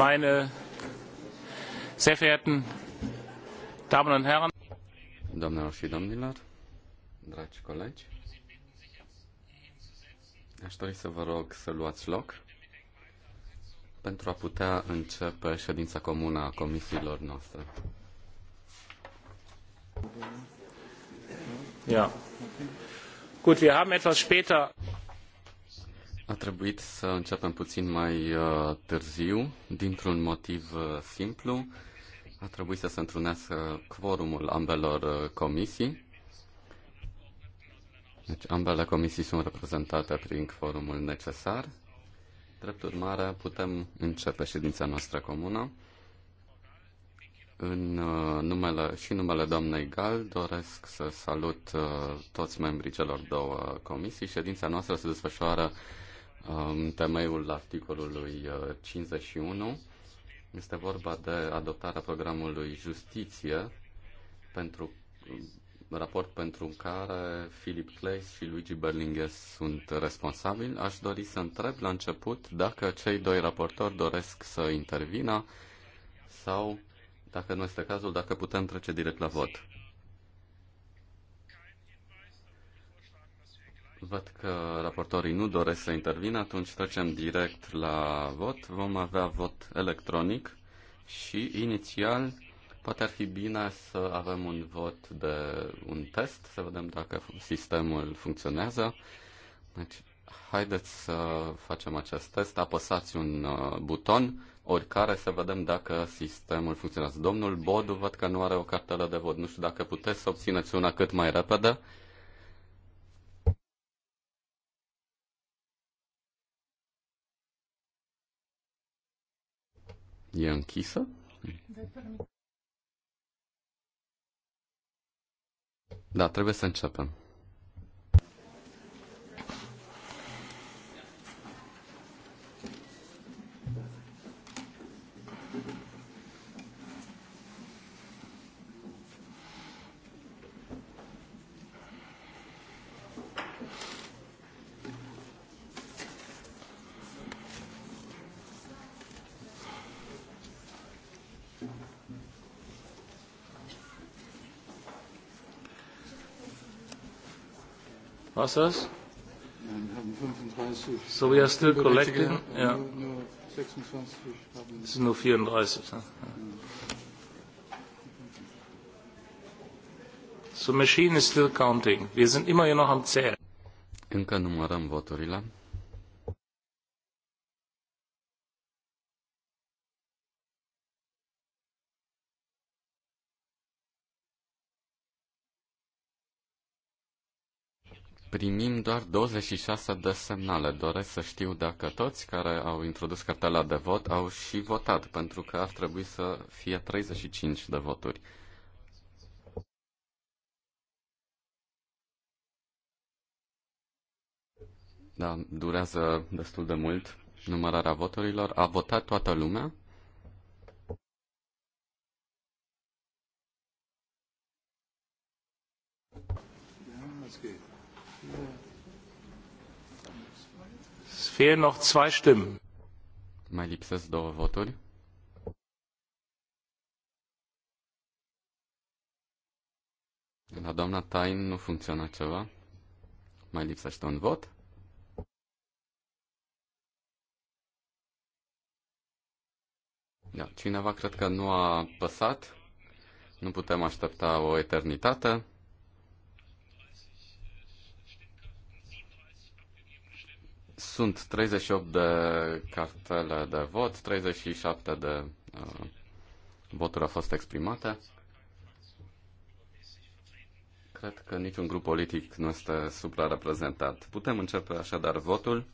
meine sehr verehrten Damen und Herren. Doamnelor și domnilor, dragi colegi, aș dori să vă rog să luați loc pentru a putea începe ședința comună a comisiilor noastre. Ja. Gut, wir haben etwas später a trebuit să începem puțin mai uh, târziu, dintr-un motiv uh, simplu. A trebuit să se întrunească quorumul ambelor uh, comisii. Deci ambele comisii sunt reprezentate prin quorumul necesar. Drept urmare, putem începe ședința noastră comună. În numele și numele doamnei Gal doresc să salut toți membrii celor două comisii. Ședința noastră se desfășoară în temeiul articolului 51. Uh, este vorba de adoptarea programului Justiție pentru uh, raport pentru care Philip Clay și Luigi Berlinger sunt responsabili. Aș dori să întreb la început dacă cei doi raportori doresc să intervină sau, dacă nu este cazul, dacă putem trece direct la vot. Văd că raportorii nu doresc să intervină, atunci trecem direct la vot. Vom avea vot electronic și inițial poate ar fi bine să avem un vot de un test, să vedem dacă sistemul funcționează. Deci, haideți să facem acest test. Apăsați un uh, buton, oricare, să vedem dacă sistemul funcționează. Domnul Bodu, văd că nu are o cartelă de vot. Nu știu dacă puteți să obțineți una cât mai repede. E închisă? Da, trebuie să începem. Was das? So, we are still collecting. Ja. Es sind nur 34. Ne? Ja. So, machine is still counting. Wir sind immer hier noch am Zählen. Încă numărăm voturile. primim doar 26 de semnale. Doresc să știu dacă toți care au introdus cartela de vot au și votat, pentru că ar trebui să fie 35 de voturi. Da, durează destul de mult numărarea voturilor. A votat toată lumea? fehlen noch zwei Stimmen. Mai lipsesc două voturi. La doamna Tain nu funcționa ceva. Mai lipsește un vot. Da, cineva cred că nu a păsat. Nu putem aștepta o eternitate. Sunt 38 de cartele de vot, 37 de uh, voturi au fost exprimate. Cred că niciun grup politic nu este suprareprezentat. Putem începe așadar votul.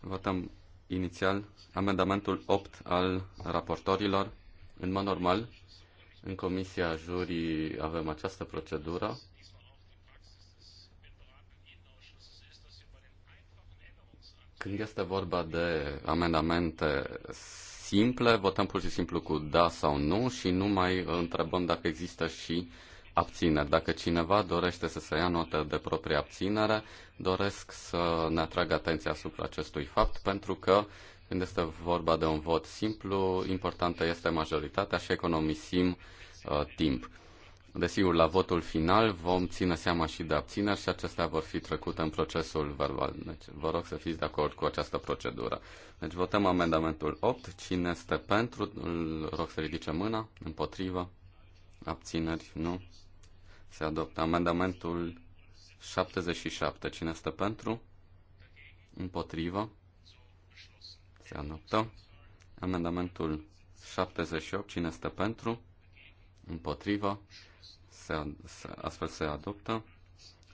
Votăm inițial amendamentul 8 al raportorilor. În mod normal, în Comisia Jurii avem această procedură Când este vorba de amendamente simple, votăm pur și simplu cu da sau nu și nu mai întrebăm dacă există și abțineri. Dacă cineva dorește să se ia notă de proprie abținere, doresc să ne atrag atenția asupra acestui fapt, pentru că când este vorba de un vot simplu, importantă este majoritatea și economisim uh, timp. Desigur, la votul final vom ține seama și de abțineri și acestea vor fi trecute în procesul verbal. Deci vă rog să fiți de acord cu această procedură. Deci votăm amendamentul 8. Cine este pentru, îl rog să ridice mâna. Împotrivă. Abțineri. Nu. Se adoptă amendamentul 77. Cine este pentru? Împotrivă. Se adoptă. Amendamentul 78. Cine este pentru? împotrivă, se, se, astfel se adoptă.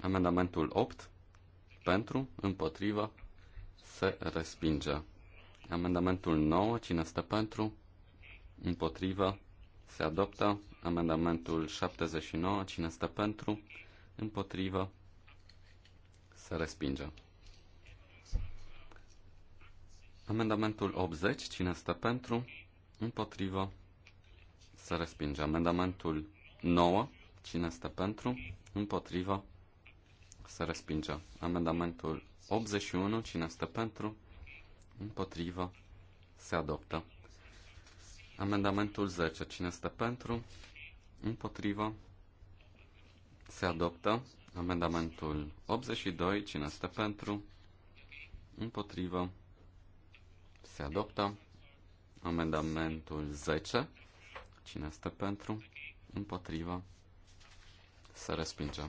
Amendamentul 8 pentru, împotrivă, se respinge. Amendamentul 9, cine stă pentru, împotrivă, se adoptă. Amendamentul 79, cine stă pentru, împotrivă, se respinge. Amendamentul 80, cine stă pentru, împotrivă, se respinge. Amendamentul 9. Cine este pentru? Împotrivă. Se respinge. Amendamentul 81. Cine este pentru? Împotrivă. Se adoptă. Amendamentul 10. Cine este pentru? Împotrivă. Se adoptă. Amendamentul 82. Cine este pentru? Împotrivă. Se adoptă. Amendamentul 10. Cine este pentru? Împotriva? Se respinge.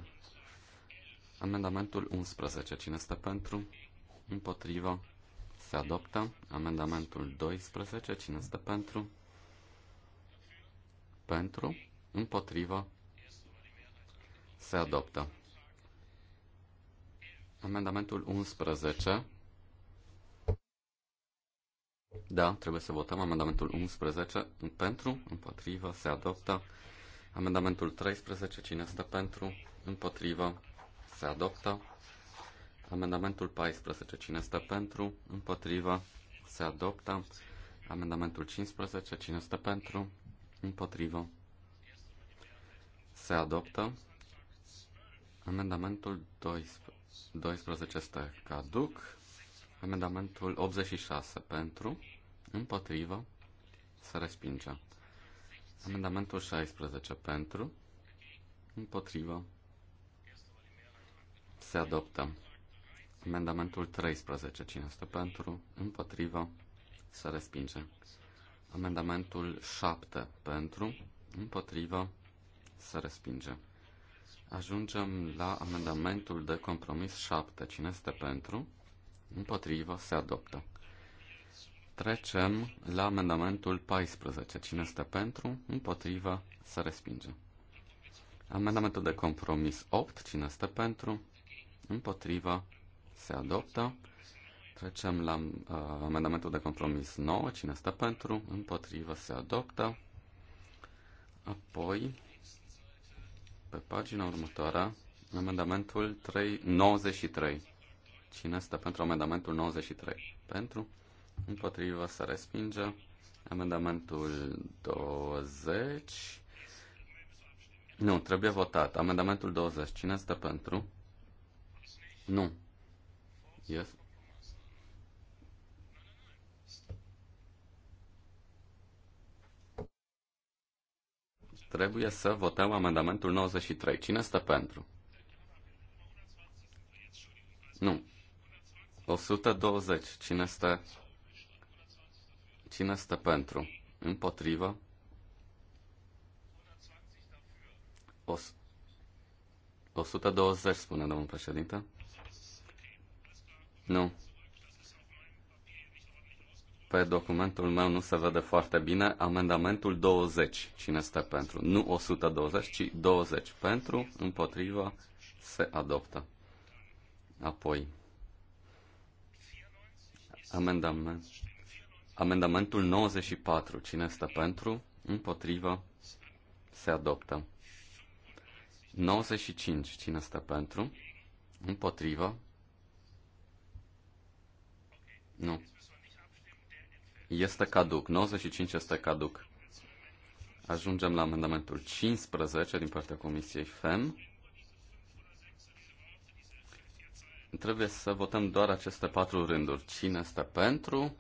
Amendamentul 11. Cine este pentru? Împotriva? Se adoptă. Amendamentul 12. Cine este pentru? Pentru? Împotriva? Se adoptă. Amendamentul 11 da, trebuie să votăm amendamentul 11 pentru, împotrivă, se adoptă. Amendamentul 13, cine stă pentru, împotrivă, se adoptă. Amendamentul 14, cine stă pentru, împotrivă, se adoptă. Amendamentul 15, cine stă pentru, împotrivă, se adoptă. Amendamentul 12, 12 este caduc. Amendamentul 86 pentru, împotrivă, se respinge. Amendamentul 16 pentru, împotrivă, se adoptă. Amendamentul 13, cine este pentru, împotrivă, se respinge. Amendamentul 7 pentru, împotrivă, se respinge. Ajungem la amendamentul de compromis 7. Cine este pentru? Împotrivă. Se adoptă. Trecem la amendamentul 14. Cine este pentru? Împotrivă. Se respinge. Amendamentul de compromis 8. Cine este pentru? Împotrivă. Se adoptă. Trecem la uh, amendamentul de compromis 9. Cine este pentru? Împotrivă. Se adoptă. Apoi, pe pagina următoare, amendamentul 3, 93. Cine este pentru amendamentul 93? Pentru. Împotrivă se respinge. Amendamentul 20. Nu, trebuie votat. Amendamentul 20. Cine este pentru? Nu. Yes. Trebuie să votăm amendamentul 93. Cine este pentru? Nu. 120. Cine este, cine este pentru? Împotrivă? O, 120, spune domnul președinte. Nu. Pe documentul meu nu se vede foarte bine amendamentul 20. Cine este pentru? Nu 120, ci 20. Pentru, împotrivă, se adoptă. Apoi, Amendament. Amendamentul 94. Cine stă pentru? Împotrivă? Se adoptă. 95. Cine stă pentru? Împotrivă? Nu. Este caduc. 95 este caduc. Ajungem la amendamentul 15 din partea Comisiei FEM. Trebuie să votăm doar aceste patru rânduri. Cine este pentru?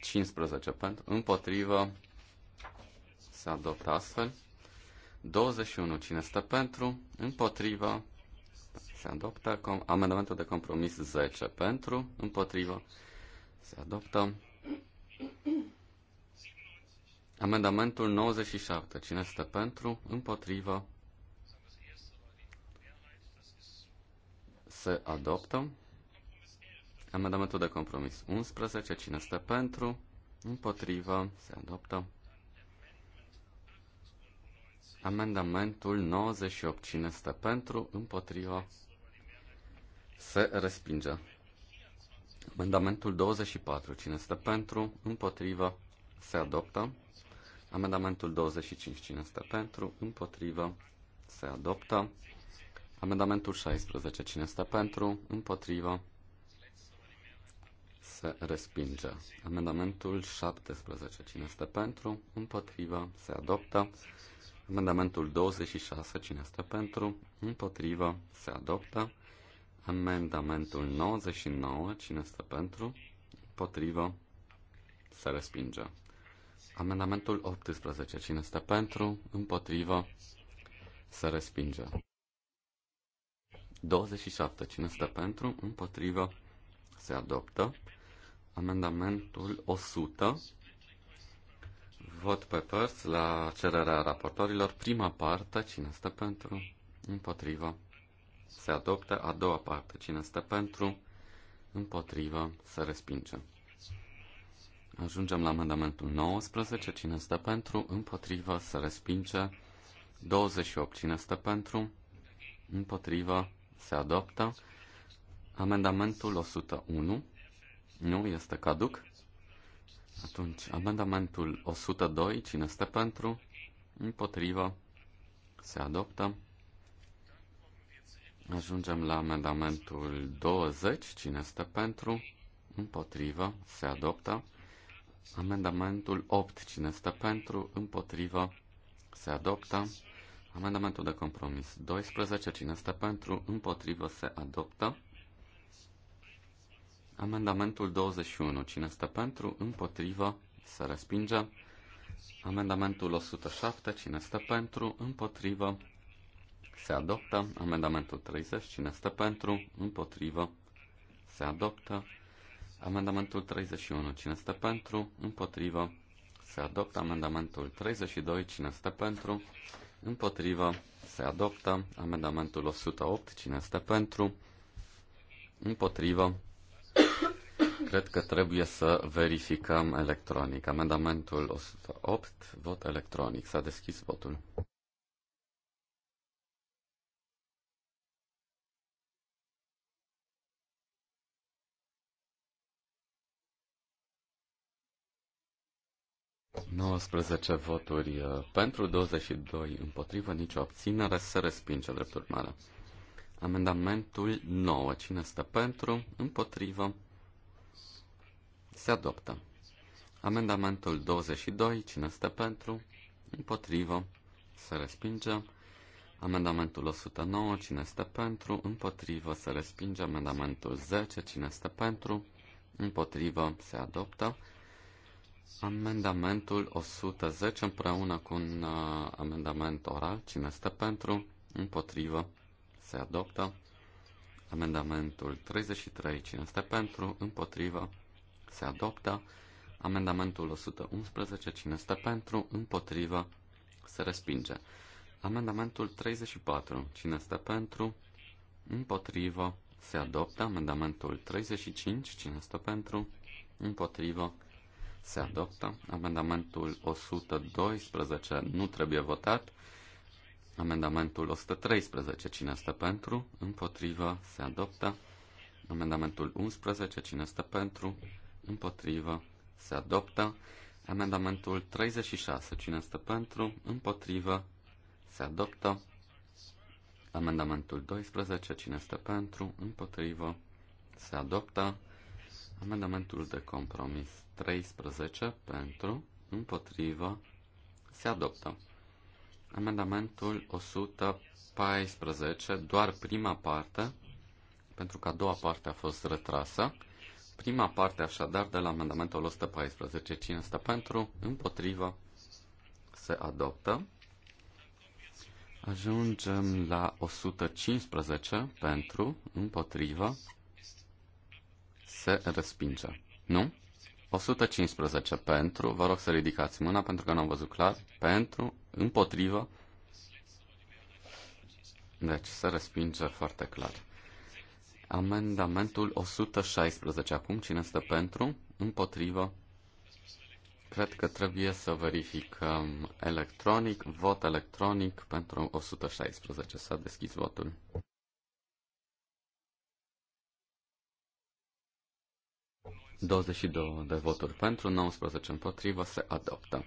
15 pentru. Împotrivă. Se adoptă astfel. 21. Cine este pentru? Împotrivă. Se adoptă com- amendamentul de compromis 10 pentru. Împotrivă. Se adoptă. Amendamentul 97. Cine este pentru? Împotrivă se adoptă. Amendamentul de compromis 11. Cine stă pentru? Împotrivă. Se adoptă. Amendamentul 98. Cine stă pentru? Împotrivă. Se respinge. Amendamentul 24. Cine stă pentru? Împotrivă. Se adoptă. Amendamentul 25. Cine stă pentru? Împotrivă. Se adoptă. Amendamentul 16. Cine este pentru? Împotrivă? Se respinge. Amendamentul 17. Cine este pentru? Împotrivă? Se adoptă. Amendamentul 26. Cine este pentru? Împotrivă? Se adoptă. Amendamentul 99. Cine este pentru? Împotrivă? Se respinge. Amendamentul 18. Cine este pentru? Împotrivă? Se respinge. 27. Cine stă pentru? Împotrivă. Se adoptă. Amendamentul 100. Vot pe părți la cererea raportorilor. Prima parte. Cine stă pentru? Împotrivă. Se adoptă. A doua parte. Cine stă pentru? Împotrivă. Se respinge. Ajungem la amendamentul 19. Cine stă pentru? Împotrivă. Se respinge. 28. Cine stă pentru? Împotrivă se adoptă. Amendamentul 101 nu este caduc. Atunci, amendamentul 102, cine este pentru? Împotrivă, se adoptă. Ajungem la amendamentul 20, cine este pentru? Împotrivă, se adoptă. Amendamentul 8, cine este pentru? Împotrivă, se adoptă. Amendamentul de compromis 12. Cine este pentru? Împotrivă se adoptă. Amendamentul 21. Cine este pentru? Împotrivă se respinge. Amendamentul 107. Cine este pentru? Împotrivă se adoptă. Amendamentul 30. Cine este pentru? Împotrivă se adoptă. Amendamentul 31. Cine este pentru? Împotrivă se adoptă. Amendamentul 32. Cine este pentru? împotrivă, se adoptă. Amendamentul 108, cine este pentru, împotrivă, cred că trebuie să verificăm electronic. Amendamentul 108, vot electronic. S-a deschis votul. 19 voturi uh, pentru, 22 împotrivă, nicio abținere, se respinge drept urmare. Amendamentul 9. Cine stă pentru? Împotrivă. Se adoptă. Amendamentul 22. Cine stă pentru? Împotrivă. Se respinge. Amendamentul 109. Cine stă pentru? Împotrivă. Se respinge. Amendamentul 10. Cine stă pentru? Împotrivă. Se adoptă. Amendamentul 110 împreună cu un uh, amendament oral. Cine este pentru? Împotrivă. Se adoptă. Amendamentul 33. Cine este pentru? Împotrivă. Se adoptă. Amendamentul 111. Cine este pentru? Împotrivă. Se respinge. Amendamentul 34. Cine este pentru? Împotrivă. Se adoptă. Amendamentul 35. Cine este pentru? Împotrivă se adoptă. Amendamentul 112 nu trebuie votat. Amendamentul 113, cine este pentru? Împotrivă, se adoptă. Amendamentul 11, cine este pentru? Împotrivă, se adoptă. Amendamentul 36, cine este pentru? Împotrivă, se adoptă. Amendamentul 12, cine este pentru? Împotrivă, se adoptă. Amendamentul de compromis 13 pentru, împotrivă, se adoptă. Amendamentul 114, doar prima parte, pentru că a doua parte a fost retrasă. Prima parte, așadar, de la amendamentul 114, cine stă pentru, împotrivă, se adoptă. Ajungem la 115 pentru, împotrivă, se respinge. Nu? 115 pentru, vă rog să ridicați mâna pentru că nu am văzut clar, pentru, împotrivă, deci se respinge foarte clar. Amendamentul 116. Acum cine este pentru? Împotrivă? Cred că trebuie să verificăm electronic, vot electronic pentru 116. S-a deschis votul. 22 de voturi pentru, 19 împotrivă, se adoptă.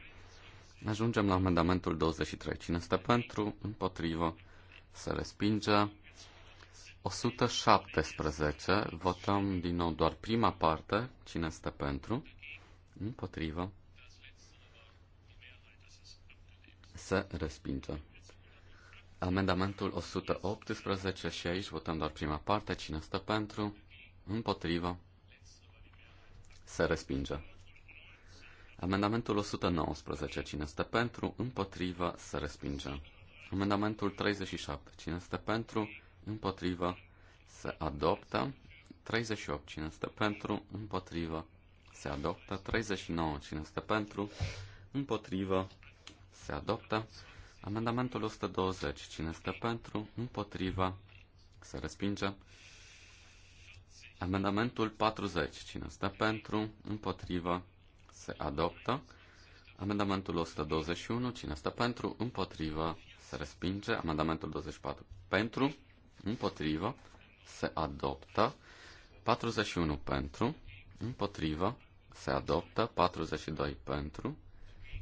Ajungem la amendamentul 23. Cine este pentru, împotrivă, se respinge. 117. Votăm din nou doar prima parte. Cine este pentru, împotrivă, se respinge. Amendamentul 118 și aici votăm doar prima parte. Cine este pentru? Împotrivă? Se respinge. Amendamentul 119. Cine este pentru? Împotrivă. Se respinge. Amendamentul 37. Cine este pentru? Împotrivă. Se adoptă. 38. Cine este pentru? Împotrivă. Se adoptă. 39. Cine este pentru? Împotrivă. Se adoptă. Amendamentul 120. Cine este pentru? Împotrivă. Se respinge. Amendamentul 40. Cine stă pentru? Împotrivă. Se adoptă. Amendamentul 121. Cine stă pentru? Împotrivă. Se respinge. Amendamentul 24. Pentru. Împotrivă. Se adoptă. 41 pentru. Împotrivă. Se adoptă. 42 pentru.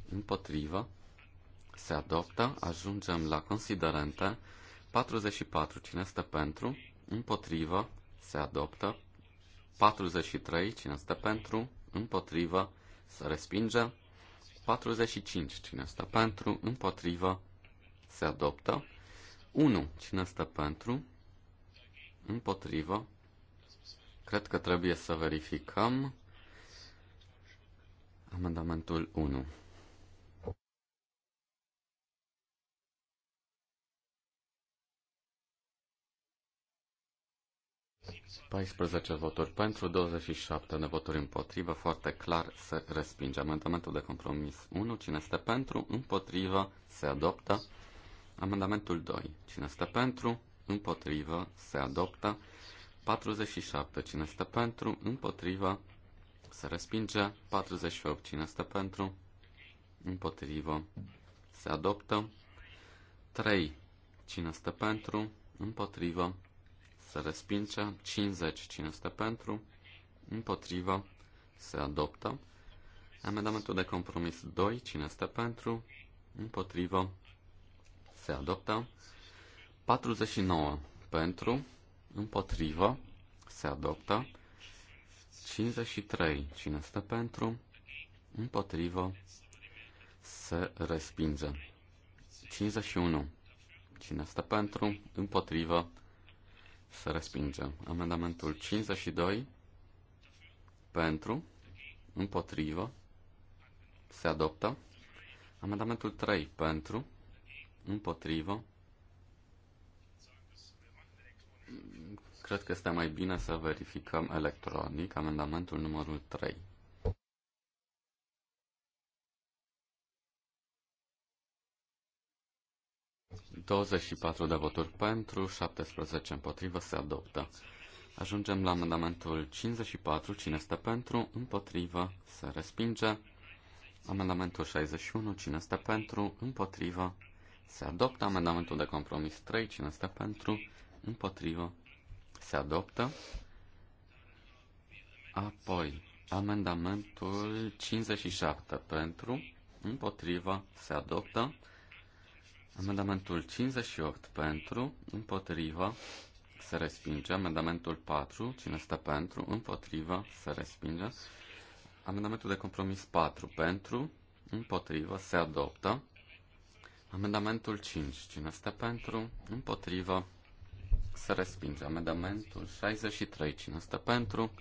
Împotrivă. Se adoptă. Ajungem la considerente. 44. Cine stă pentru? Împotrivă. Se adoptă. 43, cine stă pentru, împotrivă, se respinge. 45, cine stă pentru, împotrivă, se adoptă. 1, cine stă pentru, împotrivă, cred că trebuie să verificăm amendamentul 1. 14 voturi pentru, 27 de voturi împotrivă, foarte clar se respinge. Amendamentul de compromis 1, cine este pentru, împotrivă, se adoptă. Amendamentul 2, cine este pentru, împotrivă, se adoptă. 47, cine este pentru, împotrivă, se respinge. 48, cine este pentru, împotrivă, se adoptă. 3, cine este pentru, împotrivă, se respinge, 50, 500 pentru, împotriva, se adoptă. Amendamentul de compromis 2, cine este pentru, împotriva, se adoptă. 49 pentru, împotriva, se adoptă. 53, cine este pentru, împotriva, se respinge. 51, cine este pentru, împotriva, se se respinge. Amendamentul 52 pentru, împotrivă, se adoptă. Amendamentul 3 pentru, împotrivă. Cred că este mai bine să verificăm electronic amendamentul numărul 3. 24 de voturi pentru, 17 împotrivă, se adoptă. Ajungem la amendamentul 54, cine este pentru, împotrivă, se respinge. Amendamentul 61, cine este pentru, împotrivă, se adoptă. Amendamentul de compromis 3, cine este pentru, împotrivă, se adoptă. Apoi, amendamentul 57 pentru, împotrivă, se adoptă. Amendamentul 58 pentru, împotriva, se respinge. Amendamentul 4, cine stă pentru, împotriva, se respinge. Amendamentul de compromis 4 pentru, împotriva, se adoptă. Amendamentul 5, cine stă pentru, împotriva, se respinge. Amendamentul 63, cine stă pentru,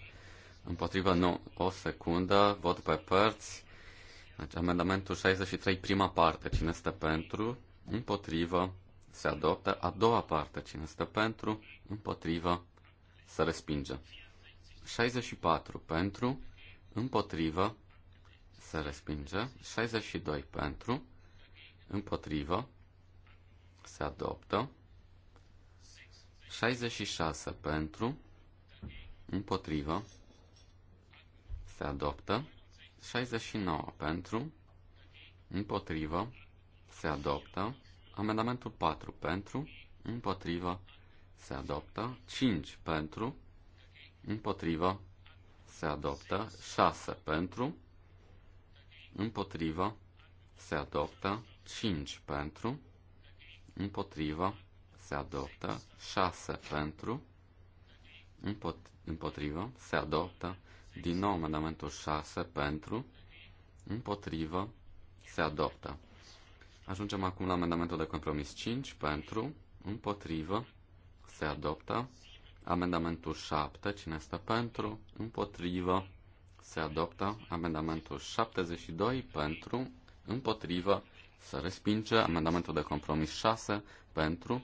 împotriva, nu, o secundă, vot pe părți. Deci, amendamentul 63, prima parte, cine stă pentru, împotrivă, se adoptă. A doua parte, cine stă pentru, împotrivă, se respinge. 64 pentru, împotrivă, se respinge. 62 pentru, împotrivă, se adoptă. 66 pentru, împotrivă, se adoptă. 69 pentru, împotrivă, se adoptă. Amendamentul 4 pentru, împotrivă, se adoptă. 5 pentru, împotrivă, se adoptă. 6 pentru, împotrivă, se adoptă. 5 pentru, împotrivă, se adoptă. 6 pentru, împotrivă, se adoptă. Din nou amendamentul 6 pentru, împotrivă, se adoptă. Ajungem acum la amendamentul de compromis 5 pentru, împotrivă, se adoptă. Amendamentul 7, cine este pentru, împotrivă, se adoptă. Amendamentul 72 pentru, împotrivă, se respinge. Amendamentul de compromis 6 pentru,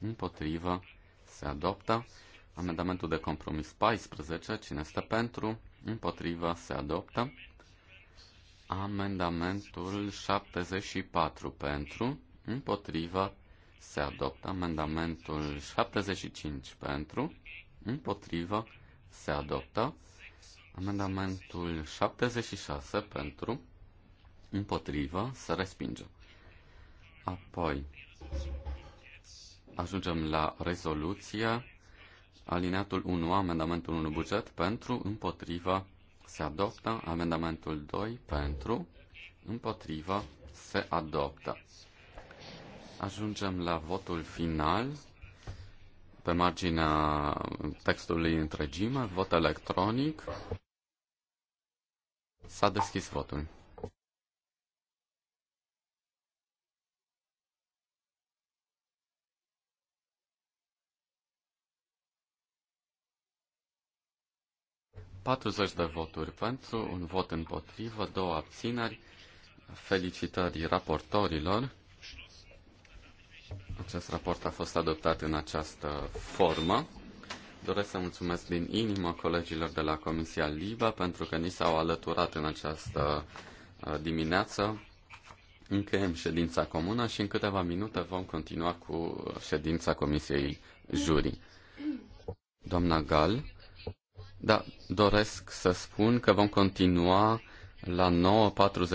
împotrivă, se adoptă. Amendamentul de compromis 14, cine este pentru, împotrivă, se adoptă. Amendamentul 74 pentru, împotriva, se adoptă. Amendamentul 75 pentru, împotriva, se adoptă. Amendamentul 76 pentru, împotriva, se respinge. Apoi, ajungem la rezoluția Alineatul 1, amendamentul 1 buget pentru, împotriva, se adoptă. Amendamentul 2 pentru, împotrivă, se adoptă. Ajungem la votul final. Pe marginea textului întregime, vot electronic. S-a deschis votul. 40 de voturi pentru, un vot împotrivă, două abțineri. Felicitări raportorilor. Acest raport a fost adoptat în această formă. Doresc să mulțumesc din inimă colegilor de la Comisia LIBA pentru că ni s-au alăturat în această uh, dimineață. Încheiem ședința comună și în câteva minute vom continua cu ședința Comisiei Jurii. Doamna Gal. Da, doresc să spun că vom continua la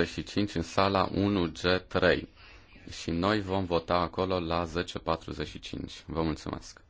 9.45 în sala 1G3 și noi vom vota acolo la 10.45. Vă mulțumesc!